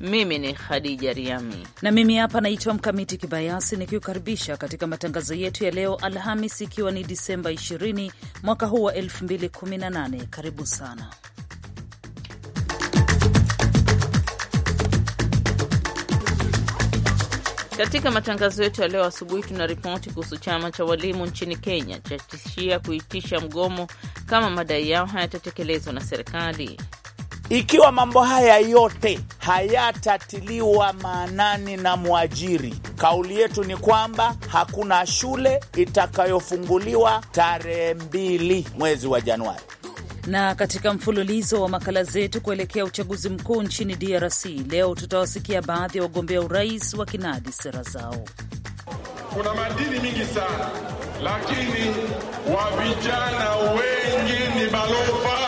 Mimi ni Khadija Riami na mimi hapa naitwa Mkamiti Kibayasi nikiukaribisha katika matangazo yetu ya leo Alhamis, ikiwa ni Disemba 20 mwaka huu wa 2018. Karibu sana. Katika matangazo yetu ya leo asubuhi tuna ripoti kuhusu chama cha walimu nchini Kenya chatishia kuitisha mgomo kama madai yao hayatatekelezwa na serikali. Ikiwa mambo haya yote hayatatiliwa maanani na mwajiri, kauli yetu ni kwamba hakuna shule itakayofunguliwa tarehe mbili mwezi wa Januari. Na katika mfululizo wa makala zetu kuelekea uchaguzi mkuu nchini DRC, leo tutawasikia baadhi ya wagombea urais wa kinadi sera zao. Kuna madini mingi sana, lakini wa vijana wengi ni balofa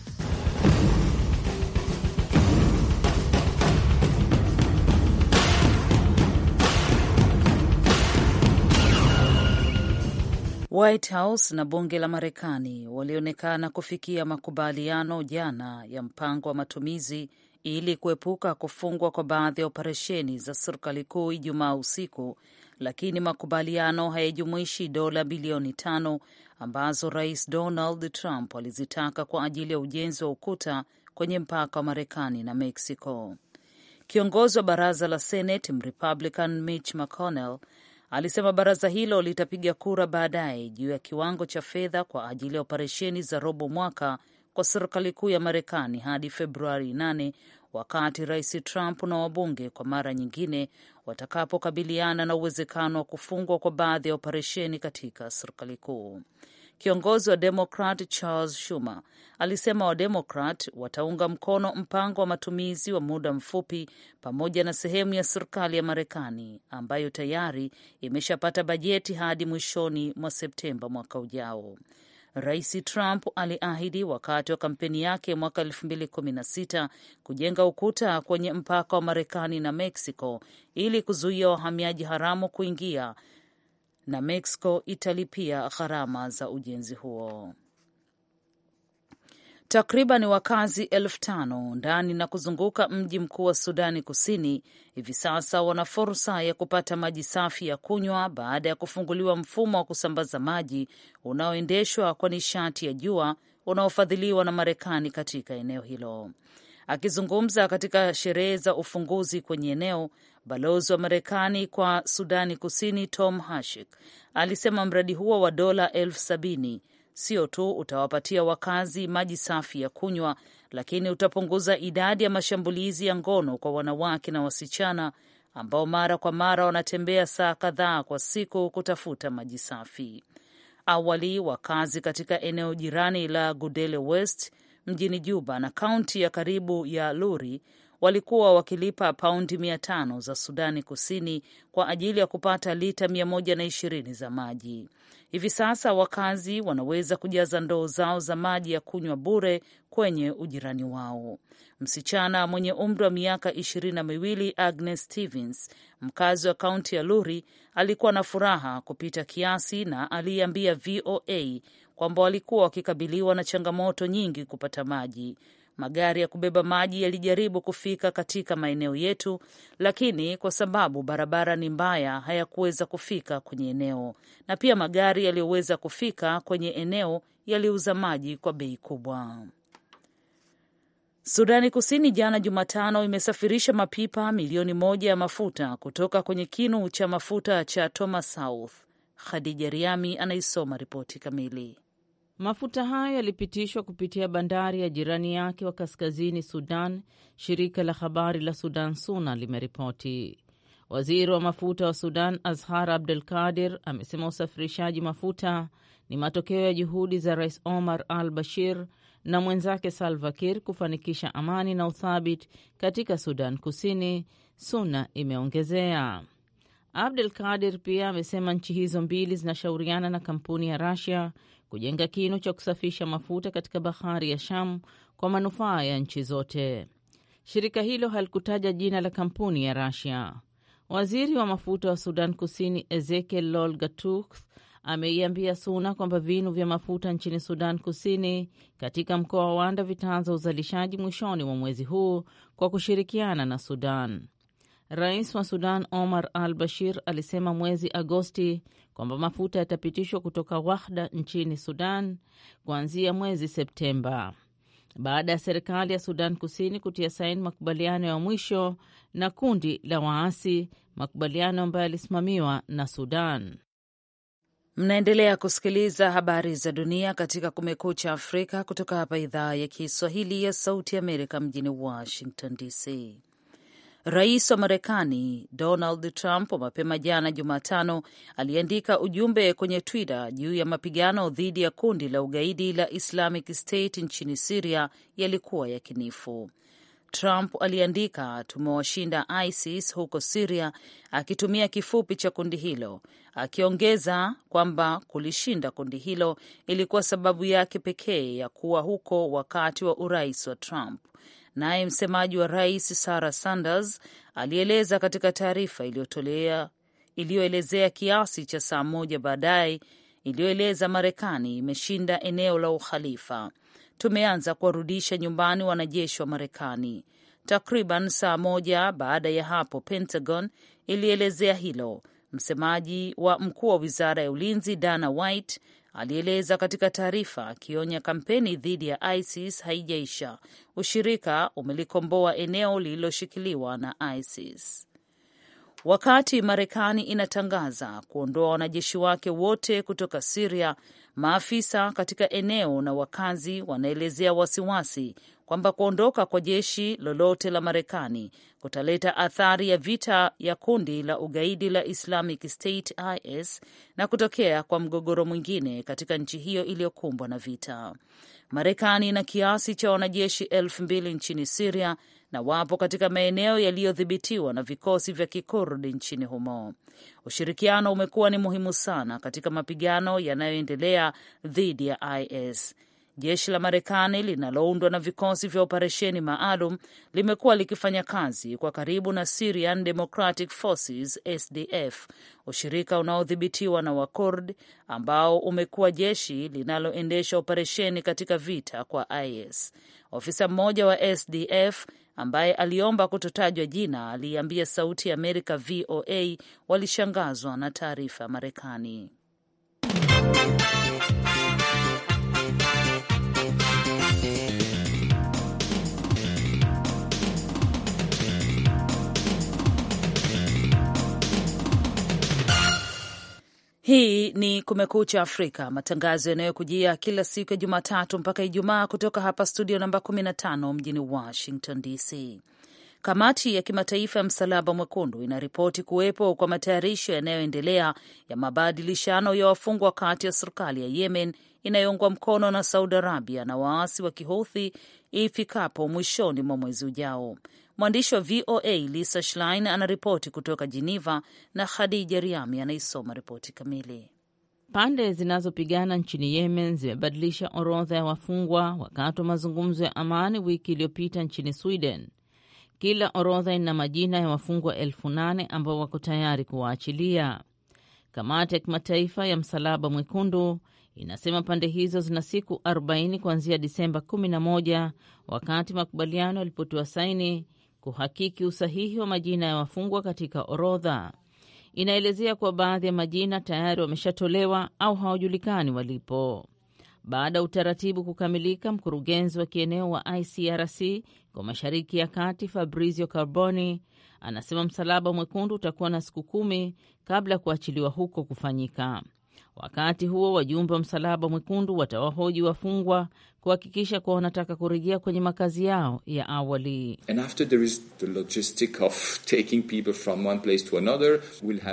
White House na bunge la Marekani walionekana kufikia makubaliano jana ya mpango wa matumizi ili kuepuka kufungwa kwa baadhi ya operesheni za serikali kuu Ijumaa usiku, lakini makubaliano hayajumuishi dola bilioni tano ambazo Rais Donald Trump alizitaka kwa ajili ya ujenzi wa ukuta kwenye mpaka wa Marekani na Mexico. Kiongozi wa baraza la Senate Mrepublican Mitch McConnell alisema baraza hilo litapiga kura baadaye juu ya kiwango cha fedha kwa ajili ya operesheni za robo mwaka kwa serikali kuu ya Marekani hadi Februari 8 wakati Rais Trump na wabunge kwa mara nyingine watakapokabiliana na uwezekano wa kufungwa kwa baadhi ya operesheni katika serikali kuu. Kiongozi wa Demokrat Charles Schumer alisema Wademokrat wataunga mkono mpango wa matumizi wa muda mfupi pamoja na sehemu ya serikali ya Marekani ambayo tayari imeshapata bajeti hadi mwishoni mwa Septemba mwaka ujao. Rais Trump aliahidi wakati wa kampeni yake mwaka 2016 kujenga ukuta kwenye mpaka wa Marekani na Meksiko ili kuzuia wahamiaji haramu kuingia na Mexico italipia gharama za ujenzi huo. Takriban wakazi elfu tano ndani na kuzunguka mji mkuu wa Sudani Kusini hivi sasa wana fursa ya kupata maji safi ya kunywa baada ya kufunguliwa mfumo wa kusambaza maji unaoendeshwa kwa nishati ya jua unaofadhiliwa na Marekani katika eneo hilo. Akizungumza katika sherehe za ufunguzi kwenye eneo, Balozi wa Marekani kwa Sudani Kusini Tom Hashik alisema mradi huo wa dola elfu sabini sio tu utawapatia wakazi maji safi ya kunywa, lakini utapunguza idadi ya mashambulizi ya ngono kwa wanawake na wasichana ambao mara kwa mara wanatembea saa kadhaa kwa siku kutafuta maji safi. Awali wakazi katika eneo jirani la Gudele West mjini Juba na kaunti ya karibu ya Luri walikuwa wakilipa paundi mia tano za Sudani Kusini kwa ajili ya kupata lita mia moja na ishirini za maji. Hivi sasa wakazi wanaweza kujaza ndoo zao za maji ya kunywa bure kwenye ujirani wao. Msichana mwenye umri wa miaka ishirini na miwili Agnes Stevens, mkazi wa kaunti ya Luri, alikuwa na furaha kupita kiasi na aliambia VOA kwamba walikuwa wakikabiliwa na changamoto nyingi kupata maji, Magari ya kubeba maji yalijaribu kufika katika maeneo yetu, lakini kwa sababu barabara ni mbaya hayakuweza kufika kwenye eneo, na pia magari yaliyoweza kufika kwenye eneo yaliuza maji kwa bei kubwa. Sudani Kusini jana Jumatano imesafirisha mapipa milioni moja ya mafuta kutoka kwenye kinu cha mafuta cha Thomas South. Khadija Riami anaisoma ripoti kamili. Mafuta hayo yalipitishwa kupitia bandari ya jirani yake wa kaskazini Sudan, shirika la habari la Sudan SUNA limeripoti. Waziri wa mafuta wa Sudan Azhar Abdul Kadir amesema usafirishaji mafuta ni matokeo ya juhudi za Rais Omar Al Bashir na mwenzake Salva kufanikisha amani na uthabiti katika Sudan Kusini, SUNA imeongezea. Abdul Kadir pia amesema nchi hizo mbili zinashauriana na kampuni ya rasia kujenga kinu cha kusafisha mafuta katika bahari ya Shamu kwa manufaa ya nchi zote. Shirika hilo halikutaja jina la kampuni ya Rasia. Waziri wa mafuta wa Sudan Kusini Ezekiel Lol Gatuk ameiambia SUNA kwamba vinu vya mafuta nchini Sudan Kusini katika mkoa wa Wanda vitaanza uzalishaji mwishoni mwa mwezi huu kwa kushirikiana na Sudan. Rais wa Sudan Omar al Bashir alisema mwezi Agosti kwamba mafuta yatapitishwa kutoka Wahda nchini Sudan kuanzia mwezi Septemba baada ya serikali ya Sudan Kusini kutia saini makubaliano ya mwisho na kundi la waasi, makubaliano ambayo yalisimamiwa na Sudan. Mnaendelea kusikiliza habari za dunia katika Kumekucha Afrika kutoka hapa idhaa ya Kiswahili ya Sauti Amerika mjini Washington DC. Rais wa Marekani Donald Trump mapema jana Jumatano aliandika ujumbe kwenye Twitter juu ya mapigano dhidi ya kundi la ugaidi la Islamic State nchini Siria yalikuwa yakinifu. Trump aliandika, tumewashinda ISIS huko Siria, akitumia kifupi cha kundi hilo, akiongeza kwamba kulishinda kundi hilo ilikuwa sababu yake pekee ya kuwa huko wakati wa urais wa Trump. Naye msemaji wa rais Sarah Sanders alieleza katika taarifa iliyotolea iliyoelezea kiasi cha saa moja baadaye iliyoeleza Marekani imeshinda eneo la ukhalifa. Tumeanza kuwarudisha nyumbani wanajeshi wa Marekani. Takriban saa moja baada ya hapo, Pentagon ilielezea hilo. Msemaji wa mkuu wa wizara ya ulinzi Dana White alieleza katika taarifa, akionya kampeni dhidi ya ISIS haijaisha. Ushirika umelikomboa eneo lililoshikiliwa na ISIS. Wakati Marekani inatangaza kuondoa wanajeshi wake wote kutoka Siria, maafisa katika eneo na wakazi wanaelezea wasiwasi kwamba kuondoka kwa jeshi lolote la Marekani kutaleta athari ya vita ya kundi la ugaidi la Islamic State IS na kutokea kwa mgogoro mwingine katika nchi hiyo iliyokumbwa na vita. Marekani ina kiasi cha wanajeshi elfu mbili nchini Siria na wapo katika maeneo yaliyodhibitiwa na vikosi vya kikurdi nchini humo. Ushirikiano umekuwa ni muhimu sana katika mapigano yanayoendelea dhidi ya IS. Jeshi la Marekani linaloundwa na vikosi vya operesheni maalum limekuwa likifanya kazi kwa karibu na Syrian Democratic Forces SDF, ushirika unaodhibitiwa na Wakurd ambao umekuwa jeshi linaloendesha operesheni katika vita kwa IS. Ofisa mmoja wa SDF ambaye aliomba kutotajwa jina aliambia Sauti ya Amerika VOA walishangazwa na taarifa ya Marekani. Hii ni Kumekucha Afrika, matangazo yanayokujia kila siku ya Jumatatu mpaka Ijumaa kutoka hapa studio namba 15 mjini Washington DC. Kamati ya Kimataifa ya Msalaba Mwekundu inaripoti kuwepo kwa matayarisho yanayoendelea ya mabadilishano ya wafungwa kati ya serikali ya Yemen inayoungwa mkono na Saudi Arabia na waasi wa Kihouthi ifikapo mwishoni mwa mwezi ujao. Mwandishi wa VOA Lisa Schlein anaripoti kutoka Jeneva na Khadija Riami anaisoma ripoti kamili. Pande zinazopigana nchini Yemen zimebadilisha orodha ya wafungwa wakati wa mazungumzo ya amani wiki iliyopita nchini Sweden. Kila orodha ina majina ya wafungwa elfu nane ambao wako tayari kuwaachilia. Kamati ya kimataifa ya Msalaba Mwekundu inasema pande hizo zina siku 40 kuanzia Disemba 11 wakati makubaliano yalipotiwa saini kuhakiki usahihi wa majina ya wafungwa katika orodha. Inaelezea kuwa baadhi ya majina tayari wameshatolewa au hawajulikani walipo. Baada ya utaratibu kukamilika, mkurugenzi wa kieneo wa ICRC kwa Mashariki ya Kati Fabrizio Carboni anasema Msalaba Mwekundu utakuwa na siku kumi kabla ya kuachiliwa huko kufanyika. Wakati huo wajumbe wa Msalaba Mwekundu watawahoji wafungwa kuhakikisha kuwa wanataka kurejea kwenye makazi yao ya awali.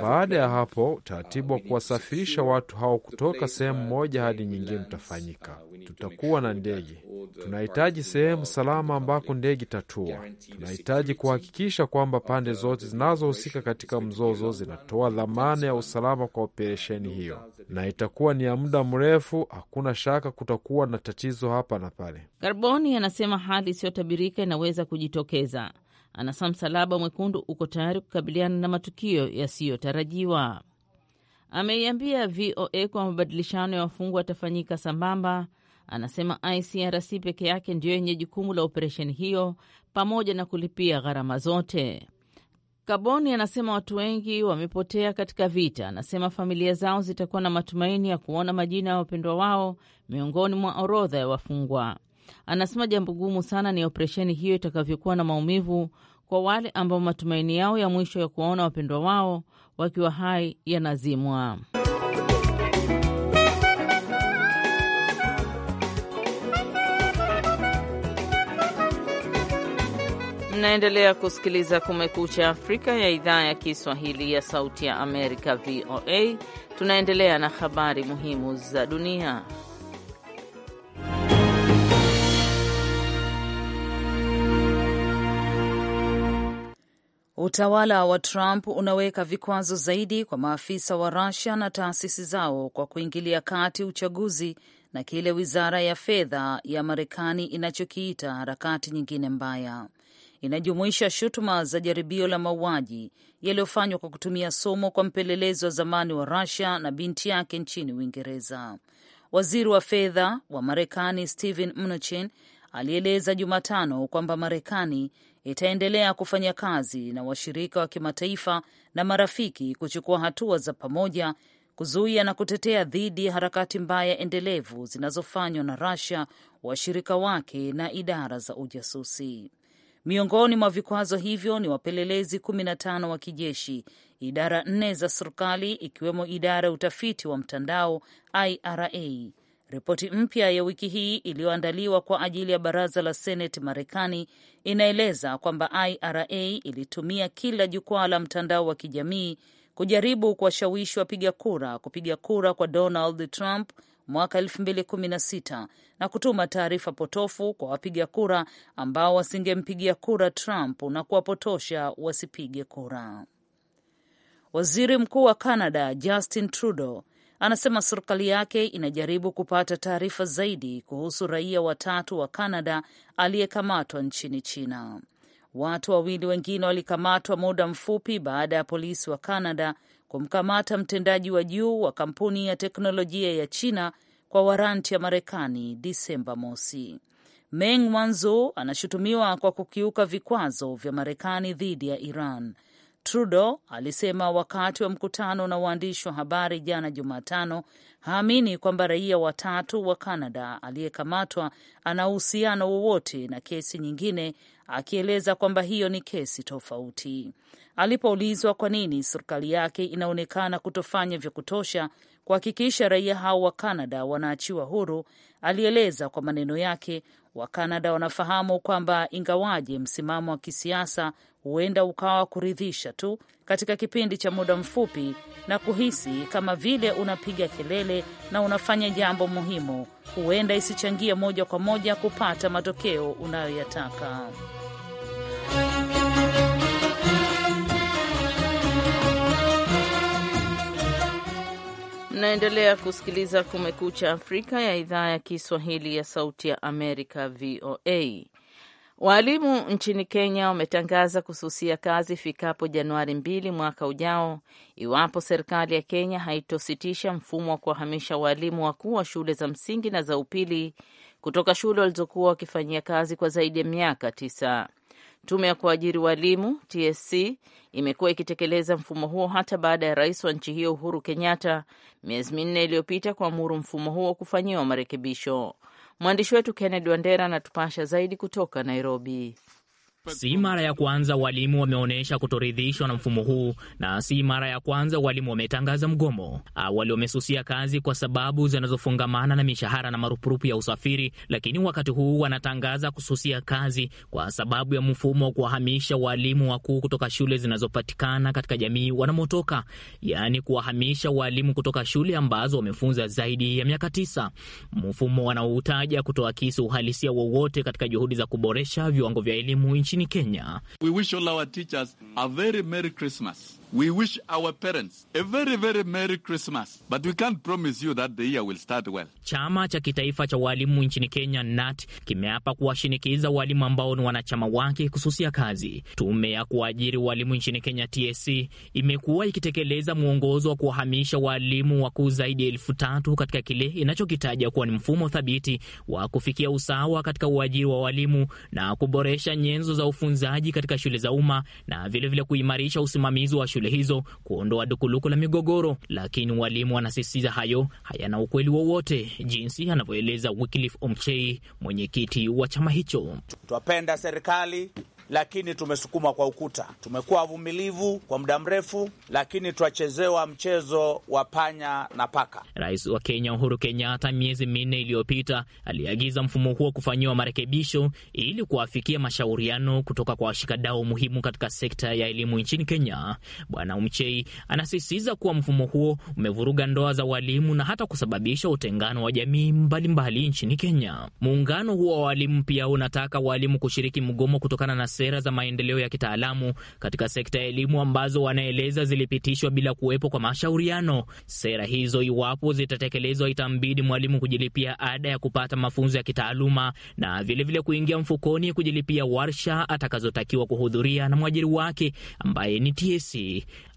Baada ya hapo, utaratibu uh, wa kuwasafirisha watu hao kutoka sehemu moja hadi nyingine utafanyika. Uh, Tutakuwa na ndege. Tunahitaji sehemu salama ambako ndege itatua. Tunahitaji kuhakikisha kwamba pande zote zinazohusika katika mzozo zinatoa dhamana ya usalama kwa operesheni hiyo, na itakuwa ni ya muda mrefu. Hakuna shaka kutakuwa na tatizo hapa na pale. Karboni anasema hali isiyotabirika inaweza kujitokeza. Anasema Msalaba Mwekundu uko tayari kukabiliana na matukio yasiyotarajiwa. Ameiambia VOA kwa mabadilishano ya wafungwa yatafanyika sambamba. Anasema ICRC peke yake ndiyo yenye jukumu la operesheni hiyo pamoja na kulipia gharama zote. Kaboni anasema watu wengi wamepotea katika vita. Anasema familia zao zitakuwa na matumaini ya kuona majina ya wapendwa wao miongoni mwa orodha ya wafungwa. Anasema jambo gumu sana ni operesheni hiyo itakavyokuwa na maumivu kwa wale ambao matumaini yao ya mwisho ya kuwaona wapendwa wao wakiwa hai yanazimwa. Mnaendelea kusikiliza Kumekucha Afrika ya idhaa ya Kiswahili ya Sauti ya Amerika, VOA. Tunaendelea na habari muhimu za dunia. Utawala wa Trump unaweka vikwazo zaidi kwa maafisa wa rusia na taasisi zao kwa kuingilia kati uchaguzi na kile wizara ya fedha ya Marekani inachokiita harakati nyingine mbaya inajumuisha shutuma za jaribio la mauaji yaliyofanywa kwa kutumia somo kwa mpelelezi wa zamani wa Rusia na binti yake nchini Uingereza. Waziri wa fedha wa Marekani Steven Mnuchin alieleza Jumatano kwamba Marekani itaendelea kufanya kazi na washirika wa kimataifa na marafiki kuchukua hatua za pamoja kuzuia na kutetea dhidi ya harakati mbaya endelevu zinazofanywa na rasia washirika wake na idara za ujasusi. Miongoni mwa vikwazo hivyo ni wapelelezi kumi na tano wa kijeshi, idara nne za serikali ikiwemo idara ya utafiti wa mtandao IRA. Ripoti mpya ya wiki hii iliyoandaliwa kwa ajili ya baraza la seneti Marekani inaeleza kwamba IRA ilitumia kila jukwaa la mtandao wa kijamii kujaribu kuwashawishi wapiga kura kupiga kura kwa Donald Trump mwaka 2016 na kutuma taarifa potofu kwa wapiga kura ambao wasingempigia kura Trump na kuwapotosha wasipige kura. Waziri Mkuu wa Canada Justin Trudeau anasema serikali yake inajaribu kupata taarifa zaidi kuhusu raia watatu wa Canada aliyekamatwa nchini China. Watu wawili wengine walikamatwa muda mfupi baada ya polisi wa Canada kumkamata mtendaji wa juu wa kampuni ya teknolojia ya China kwa waranti ya Marekani Disemba mosi. Meng Wanzo anashutumiwa kwa kukiuka vikwazo vya Marekani dhidi ya Iran, Trudeau alisema wakati wa mkutano na waandishi wa habari jana Jumatano. Haamini kwamba raia watatu wa Kanada aliyekamatwa ana uhusiano wowote na kesi nyingine, akieleza kwamba hiyo ni kesi tofauti alipoulizwa kwa nini serikali yake inaonekana kutofanya vya kutosha kuhakikisha raia hao wa Kanada wanaachiwa huru, alieleza kwa maneno yake, Wakanada wanafahamu kwamba ingawaje msimamo wa kisiasa huenda ukawa kuridhisha tu katika kipindi cha muda mfupi na kuhisi kama vile unapiga kelele na unafanya jambo muhimu, huenda isichangie moja kwa moja kupata matokeo unayoyataka. Mnaendelea kusikiliza Kumekucha Afrika ya idhaa ya Kiswahili ya Sauti ya Amerika, VOA. Waalimu nchini Kenya wametangaza kususia kazi ifikapo Januari mbili mwaka ujao iwapo serikali ya Kenya haitositisha mfumo wa kuwahamisha waalimu wakuu wa shule za msingi na za upili kutoka shule walizokuwa wakifanyia kazi kwa zaidi ya miaka tisa. Tume ya kuajiri walimu TSC imekuwa ikitekeleza mfumo huo hata baada ya rais wa nchi hiyo Uhuru Kenyatta miezi minne iliyopita kuamuru mfumo huo kufanyiwa marekebisho. Mwandishi wetu Kennedy Wandera anatupasha zaidi kutoka Nairobi. Si mara ya kwanza walimu wameonyesha kutoridhishwa na mfumo huu, na si mara ya kwanza walimu wametangaza mgomo. Awali wamesusia kazi kwa sababu zinazofungamana na mishahara na marupurupu ya usafiri, lakini wakati huu wanatangaza kususia kazi kwa sababu ya mfumo wa kuwahamisha walimu wakuu kutoka shule zinazopatikana katika jamii wanamotoka, yaani kuwahamisha walimu kutoka shule ambazo wamefunza zaidi ya miaka tisa, mfumo wanaoutaja kutoakisi uhalisia wowote katika juhudi za kuboresha viwango vya elimu nchini Kenya. We wish all our teachers a very merry Christmas. We wish our parents a very, very merry Christmas, but we can't promise you that the year will start well. Chama cha kitaifa cha walimu nchini Kenya NAT kimeapa kuwashinikiza walimu ambao ni wanachama wake kususia kazi. Tume ya kuajiri walimu nchini Kenya TSC imekuwa ikitekeleza mwongozo wa kuwahamisha walimu wakuu zaidi ya elfu tatu katika kile inachokitaja kuwa ni mfumo thabiti wa kufikia usawa katika uajiri wa walimu na kuboresha nyenzo za ufunzaji katika shule za umma na vilevile vile kuimarisha usimamizi wa shule shule hizo kuondoa dukuluku la migogoro, lakini walimu wanasisitiza hayo hayana ukweli wowote, jinsi anavyoeleza Wycliffe Omchei, mwenyekiti wa chama hicho. Twapenda serikali lakini tumesukuma kwa ukuta. Tumekuwa wavumilivu kwa muda mrefu, lakini twachezewa mchezo wa panya na paka. Rais wa Kenya Uhuru Kenyatta miezi minne iliyopita aliagiza mfumo huo kufanyiwa marekebisho ili kuafikia mashauriano kutoka kwa washikadau muhimu katika sekta ya elimu nchini Kenya. Bwana Umchei anasisitiza kuwa mfumo huo umevuruga ndoa za walimu na hata kusababisha utengano wa jamii mbalimbali mbali nchini Kenya. Muungano huo wa walimu pia unataka walimu kushiriki mgomo kutokana na sera za maendeleo ya kitaalamu katika sekta ya elimu ambazo wanaeleza zilipitishwa bila kuwepo kwa mashauriano. Sera hizo, iwapo zitatekelezwa, itambidi mwalimu kujilipia ada ya kupata mafunzo ya kitaaluma na vilevile vile kuingia mfukoni kujilipia warsha atakazotakiwa kuhudhuria na mwajiri wake ambaye ni TSC.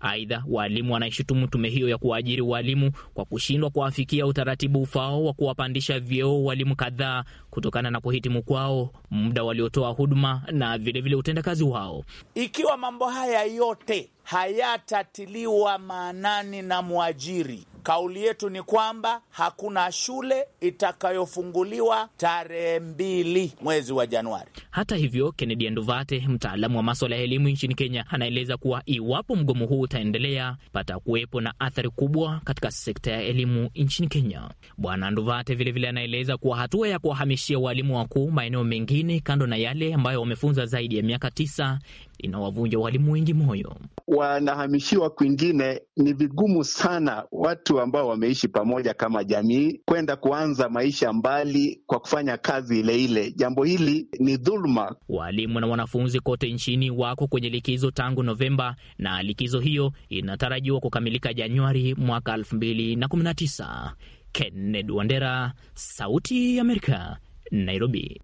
Aidha, waalimu wanaishutumu tume hiyo ya kuwaajiri waalimu kwa kushindwa kuwafikia utaratibu ufao wa kuwapandisha vyeo walimu kadhaa kutokana na kuhitimu kwao, muda waliotoa huduma na vilevile utendakazi wao. Ikiwa mambo haya yote hayatatiliwa maanani na mwajiri Kauli yetu ni kwamba hakuna shule itakayofunguliwa tarehe mbili mwezi wa Januari. Hata hivyo, Kennedy Nduvate, mtaalamu wa maswala ya elimu nchini Kenya, anaeleza kuwa iwapo mgomo huu utaendelea, pata kuwepo na athari kubwa katika sekta ya elimu nchini Kenya. Bwana Nduvate vilevile anaeleza kuwa hatua ya kuwahamishia walimu wakuu maeneo mengine kando na yale ambayo wamefunza zaidi ya miaka tisa inawavunja walimu wengi moyo. Wanahamishiwa kwingine, ni vigumu sana watu ambao wameishi pamoja kama jamii kwenda kuanza maisha mbali kwa kufanya kazi ileile ile. Jambo hili ni dhuluma. Walimu na wanafunzi kote nchini wako kwenye likizo tangu Novemba, na likizo hiyo inatarajiwa kukamilika Januari mwaka 2019. Kenneth Wandera, Sauti ya Amerika, Nairobi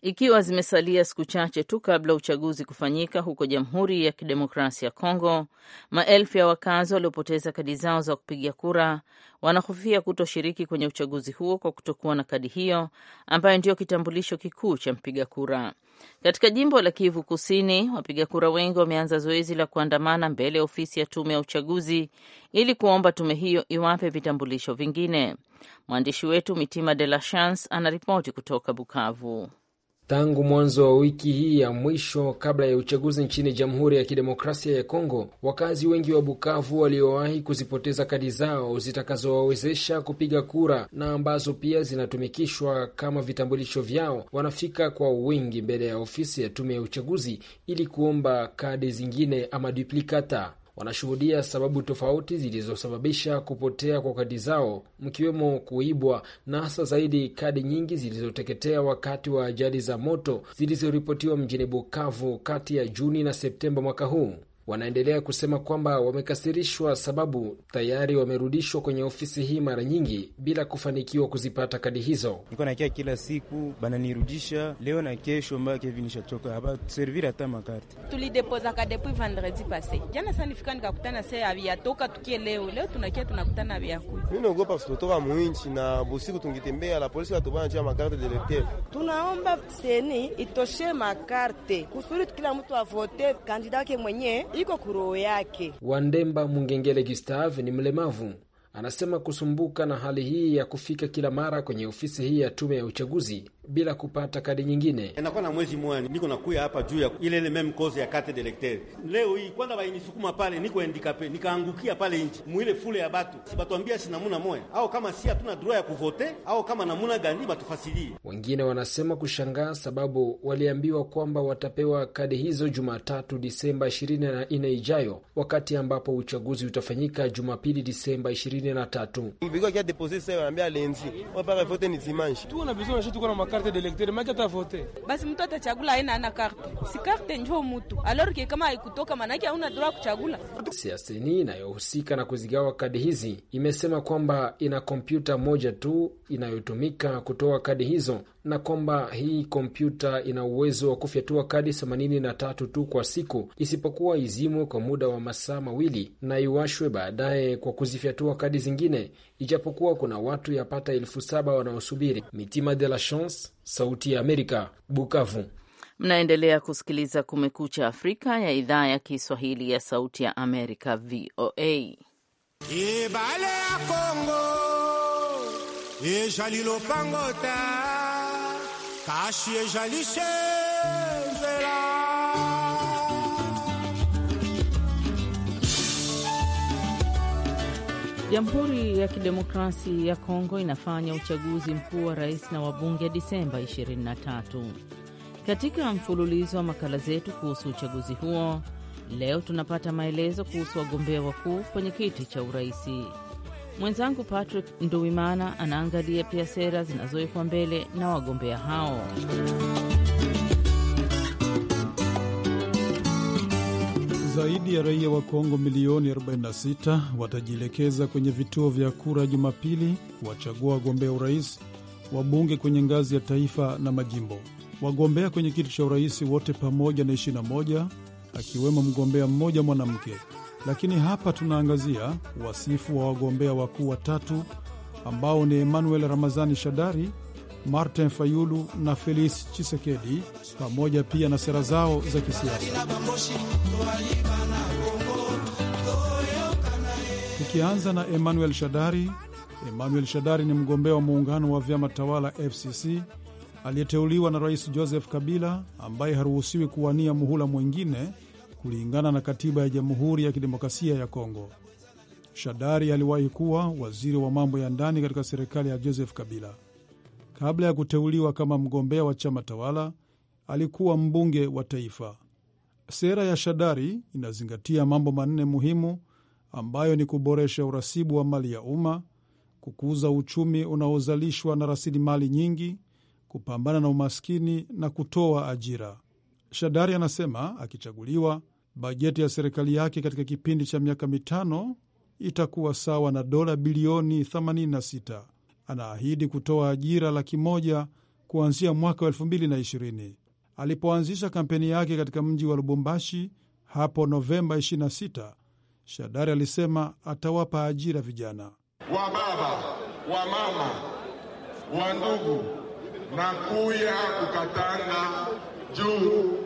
ikiwa zimesalia siku chache tu kabla uchaguzi kufanyika huko Jamhuri ya Kidemokrasia ya Kongo, maelfu ya wakazi waliopoteza kadi zao za kupiga kura wanahofia kutoshiriki kwenye uchaguzi huo kwa kutokuwa na kadi hiyo ambayo ndiyo kitambulisho kikuu cha mpiga kura. Katika jimbo la Kivu Kusini, wapiga kura wengi wameanza zoezi la kuandamana mbele ya ofisi ya tume ya uchaguzi ili kuomba tume hiyo iwape vitambulisho vingine. Mwandishi wetu Mitima De La Chance anaripoti kutoka Bukavu. Tangu mwanzo wa wiki hii ya mwisho kabla ya uchaguzi nchini Jamhuri ya Kidemokrasia ya Kongo, wakazi wengi wa Bukavu waliowahi kuzipoteza kadi zao zitakazowawezesha kupiga kura na ambazo pia zinatumikishwa kama vitambulisho vyao, wanafika kwa wingi mbele ya ofisi ya tume ya uchaguzi ili kuomba kadi zingine ama duplikata wanashuhudia sababu tofauti zilizosababisha kupotea kwa kadi zao, mkiwemo kuibwa na hasa zaidi kadi nyingi zilizoteketea wakati wa ajali za moto zilizoripotiwa mjini Bukavu kati ya Juni na Septemba mwaka huu wanaendelea kusema kwamba wamekasirishwa sababu tayari wamerudishwa kwenye ofisi hii mara nyingi bila kufanikiwa kuzipata kadi hizo. Niko nakia kila siku bananirudisha leo na kesho, hapa servir hata vendredi jana nifika nikakutana se tukie leo leo, tunakia tunakutana Mi naogopa muinchi na busiku tungitembea la polisi makarte Tunaomba seni itoshe makarte kusuri kila mtu avote kandida wake mwenyewe iko kuroho yake. Wandemba Mungengele Gustave ni mlemavu, anasema kusumbuka na hali hii ya kufika kila mara kwenye ofisi hii ya tume ya uchaguzi bila kupata kadi nyingine. Inakuwa na mwezi mwani niko nakuya hapa juu ya ile ile meme cause ya carte d'electeur. Leo hii kwanza bainisukuma pale, niko handicapé nikaangukia pale nje mwile fule ya batu si batuambia si namuna moya au kama si hatuna droit ya kuvote au kama namuna gani batufasilie. Wengine wanasema kushangaa sababu waliambiwa kwamba watapewa kadi hizo Jumatatu Disemba 24 ijayo, wakati ambapo uchaguzi utafanyika Jumapili Disemba 23 karte de lecteur make atafote basi, mtu atachagula aina ana karte, si karte njo mutu alorke, kama haikutoka manake hauna droa kuchagula. Siaseni inayohusika na kuzigawa kadi hizi imesema kwamba ina kompyuta moja tu inayotumika kutoa kadi hizo na kwamba hii kompyuta ina uwezo wa kufyatua kadi 83 tu kwa siku, isipokuwa izimwe kwa muda wa masaa mawili na iwashwe baadaye kwa kuzifyatua kadi zingine, ijapokuwa kuna watu yapata elfu saba wanaosubiri. Mitima de la Chance, Sauti ya Amerika, Bukavu. Mnaendelea kusikiliza Kumekucha Afrika ya idhaa ya Kiswahili ya Sauti ya Amerika, VOA. Ibale ya Kongo ishalilopangota E Jamhuri ya Kidemokrasi ya Kongo inafanya uchaguzi mkuu wa rais na wabunge Disemba 23. Katika mfululizo wa makala zetu kuhusu uchaguzi huo, leo tunapata maelezo kuhusu wagombea wakuu kwenye kiti cha uraisi. Mwenzangu Patrick Nduwimana anaangalia pia sera zinazowekwa mbele na wagombea hao. Zaidi ya raia wa Kongo milioni 46 watajielekeza kwenye vituo vya kura Jumapili kuwachagua wagombea urais, wabunge kwenye ngazi ya taifa na majimbo. Wagombea kwenye kiti cha urais wote pamoja na 21, akiwemo mgombea mmoja mwanamke lakini hapa tunaangazia wasifu wa wagombea wakuu watatu ambao ni Emmanuel Ramazani Shadari, Martin Fayulu na Felix Chisekedi, pamoja pia na sera zao za kisiasa. Tukianza na Emmanuel Shadari. Emmanuel Shadari ni mgombea wa muungano wa vyama tawala FCC aliyeteuliwa na Rais Joseph Kabila ambaye haruhusiwi kuwania muhula mwingine kulingana na katiba ya Jamhuri ya Kidemokrasia ya Kongo. Shadari aliwahi kuwa waziri wa mambo ya ndani katika serikali ya Joseph Kabila. Kabla ya kuteuliwa kama mgombea wa chama tawala, alikuwa mbunge wa taifa. Sera ya Shadari inazingatia mambo manne muhimu ambayo ni kuboresha urasibu wa mali ya umma, kukuza uchumi unaozalishwa na rasilimali nyingi, kupambana na umaskini na kutoa ajira. Shadari anasema akichaguliwa bajeti ya serikali yake katika kipindi cha miaka mitano itakuwa sawa na dola bilioni 86. Anaahidi kutoa ajira laki moja kuanzia mwaka wa 2020. Alipoanzisha kampeni yake katika mji wa Lubumbashi hapo Novemba 26, Shadari alisema atawapa ajira vijana wa baba wa mama wa ndugu na kuya juu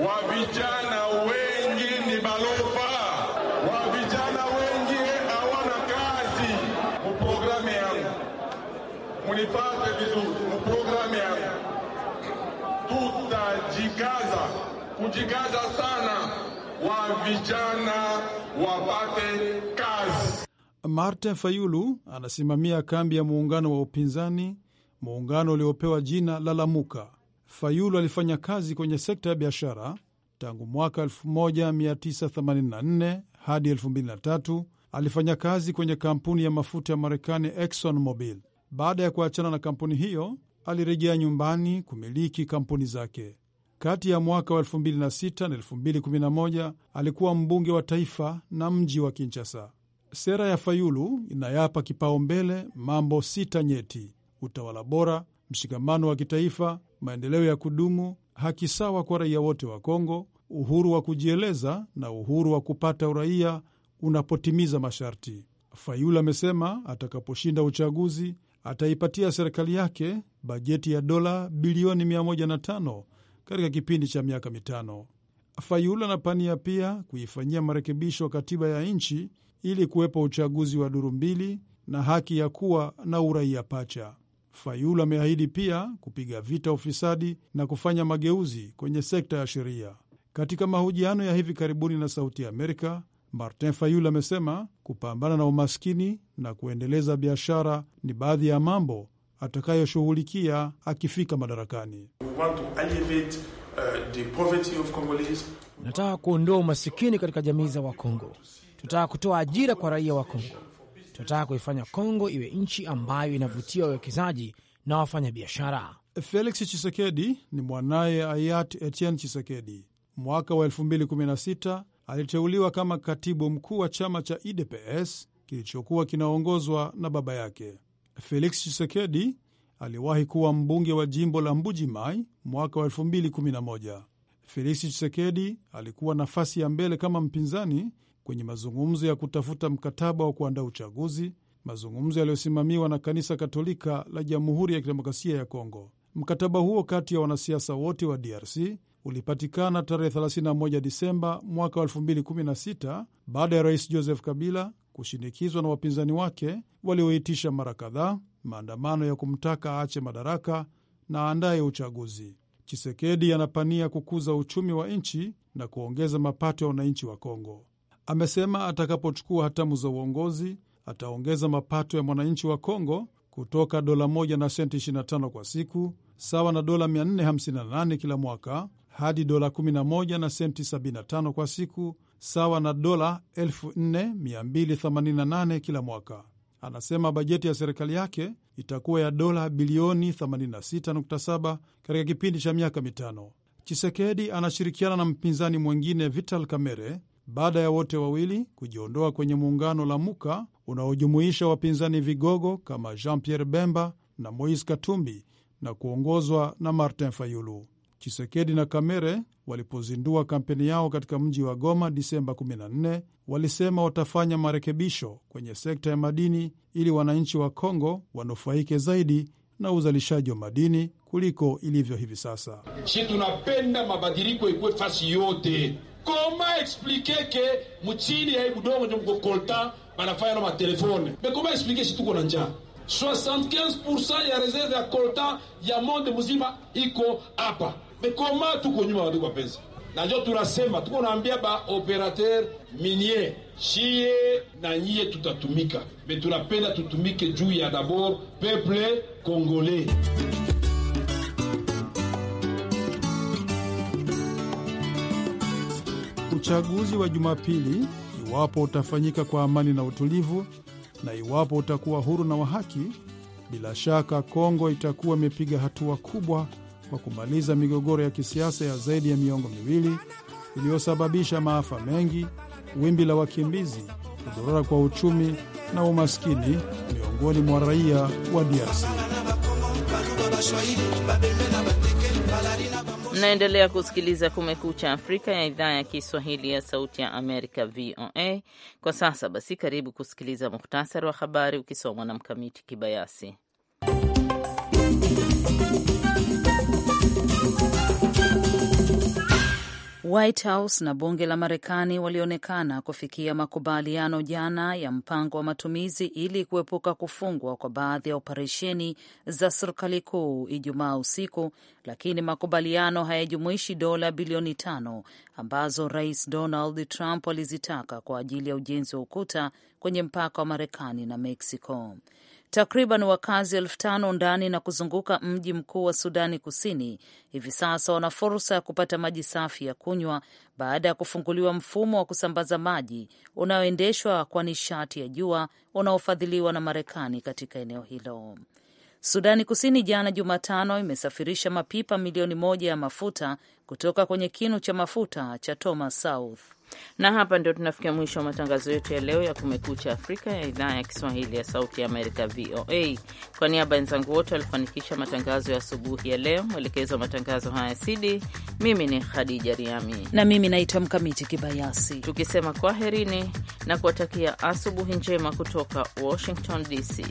wa vijana wengi ni balofa, wa vijana wengi hawana kazi. Muprograme yangu munipate vizuri, muprograme yangu tutajikaza kujikaza sana, wa vijana wapate kazi. Martin Fayulu anasimamia kambi ya muungano wa upinzani, muungano uliopewa jina Lalamuka. Fayulu alifanya kazi kwenye sekta ya biashara tangu mwaka 1984 hadi 2003. Alifanya kazi kwenye kampuni ya mafuta ya Marekani Exxon Mobil. Baada ya kuachana na kampuni hiyo, alirejea nyumbani kumiliki kampuni zake. Kati ya mwaka wa 2006 na 2011 alikuwa mbunge wa taifa na mji wa Kinshasa. Sera ya Fayulu inayapa kipaumbele mambo sita nyeti: utawala bora, mshikamano wa kitaifa, maendeleo ya kudumu, haki sawa kwa raia wote wa Kongo, uhuru wa kujieleza na uhuru wa kupata uraia unapotimiza masharti. Fayulu amesema atakaposhinda uchaguzi ataipatia serikali yake bajeti ya dola bilioni 105 katika kipindi cha miaka mitano. Fayulu anapania pia kuifanyia marekebisho katiba ya nchi ili kuwepo uchaguzi wa duru mbili na haki ya kuwa na uraia pacha. Fayulu ameahidi pia kupiga vita ufisadi na kufanya mageuzi kwenye sekta ya sheria. Katika mahojiano ya hivi karibuni na Sauti ya Amerika, Martin Fayulu amesema kupambana na umaskini na kuendeleza biashara ni baadhi ya mambo atakayoshughulikia akifika madarakani. Uh, Nataka kuondoa umasikini katika jamii za Wakongo. Tunataka kutoa ajira kwa raia wa Kongo tunataka kuifanya Kongo iwe nchi ambayo inavutia wawekezaji na wafanya biashara. Felix Chisekedi ni mwanaye Ayat Etienne Chisekedi. Mwaka wa 2016 aliteuliwa kama katibu mkuu wa chama cha UDPS kilichokuwa kinaongozwa na baba yake. Felix Chisekedi aliwahi kuwa mbunge wa jimbo la Mbuji Mai mwaka wa 2011. Felix Chisekedi alikuwa nafasi ya mbele kama mpinzani kwenye mazungumzo ya kutafuta mkataba wa kuandaa uchaguzi, mazungumzo yaliyosimamiwa na Kanisa Katolika la Jamhuri ya Kidemokrasia ya Kongo. Mkataba huo kati ya wanasiasa wote wa DRC ulipatikana tarehe 31 Disemba mwaka 2016 baada ya Rais Joseph Kabila kushinikizwa na wapinzani wake walioitisha mara kadhaa maandamano ya kumtaka aache madaraka na aandaye uchaguzi. Chisekedi anapania kukuza uchumi wa nchi na kuongeza mapato ya wananchi wa Kongo. Amesema atakapochukua hatamu za uongozi ataongeza mapato ya mwananchi wa Kongo kutoka dola 1 na senti 25 kwa siku sawa na dola 458 kila mwaka hadi dola 11 na senti 75 kwa siku sawa na dola 4288 kila mwaka. Anasema bajeti ya serikali yake itakuwa ya dola bilioni 86.7 katika kipindi cha miaka mitano. Chisekedi anashirikiana na mpinzani mwengine Vital Kamerhe baada ya wote wawili kujiondoa kwenye muungano la muka unaojumuisha wapinzani vigogo kama Jean Pierre Bemba na Moise Katumbi na kuongozwa na Martin Fayulu. Chisekedi na Kamere walipozindua kampeni yao katika mji wa Goma Disemba 14, walisema watafanya marekebisho kwenye sekta ya madini ili wananchi wa Kongo wanufaike zaidi na uzalishaji wa madini kuliko ilivyo hivi sasa. Si tunapenda mabadiliko ikuwe fasi yote Comment expliquer que mchini ya budongo ndio mko kolta banafanya na matelefone? Mais comment expliquer si tuko na njaa? 75% ya reserve ya kolta ya monde mzima iko hapa. Mais comment tuko nyuma watu kwa pesa? Na ndio tunasema tuko naambia ba operateur minier shie na nyie tutatumika. Mais tunapenda tutumike juu ya d'abord peuple congolais. uchaguzi wa Jumapili, iwapo utafanyika kwa amani na utulivu na iwapo utakuwa huru na wa haki, bila shaka Kongo itakuwa imepiga hatua kubwa kwa kumaliza migogoro ya kisiasa ya zaidi ya miongo miwili iliyosababisha maafa mengi, wimbi la wakimbizi, kudorora kwa uchumi na umaskini miongoni mwa raia wa DRC. Mnaendelea kusikiliza Kumekucha Afrika ya idhaa ya Kiswahili ya Sauti ya Amerika, VOA. Kwa sasa basi, karibu kusikiliza muhtasari wa habari ukisomwa na Mkamiti Kibayasi. White House na bunge la Marekani walionekana kufikia makubaliano jana ya mpango wa matumizi ili kuepuka kufungwa kwa baadhi ya operesheni za serikali kuu Ijumaa usiku, lakini makubaliano hayajumuishi dola bilioni tano ambazo Rais Donald Trump alizitaka kwa ajili ya ujenzi wa ukuta kwenye mpaka wa Marekani na Mexico. Takriban wakazi elfu tano ndani na kuzunguka mji mkuu wa Sudani Kusini hivi sasa wana fursa ya kupata maji safi ya kunywa baada ya kufunguliwa mfumo wa kusambaza maji unaoendeshwa kwa nishati ya jua unaofadhiliwa na Marekani katika eneo hilo. Sudani Kusini jana Jumatano imesafirisha mapipa milioni moja ya mafuta kutoka kwenye kinu cha mafuta cha Thomas South. Na hapa ndio tunafikia mwisho wa matangazo yetu ya leo ya Kumekucha Afrika ya idhaa ya Kiswahili ya Sauti ya Amerika, VOA. Kwa niaba ya wenzangu wote walifanikisha matangazo ya asubuhi ya leo, mwelekezo wa matangazo haya Sidi, mimi ni Khadija Riami na mimi naitwa Mkamiti Kibayasi, tukisema kwaherini na kuwatakia asubuhi njema kutoka Washington DC.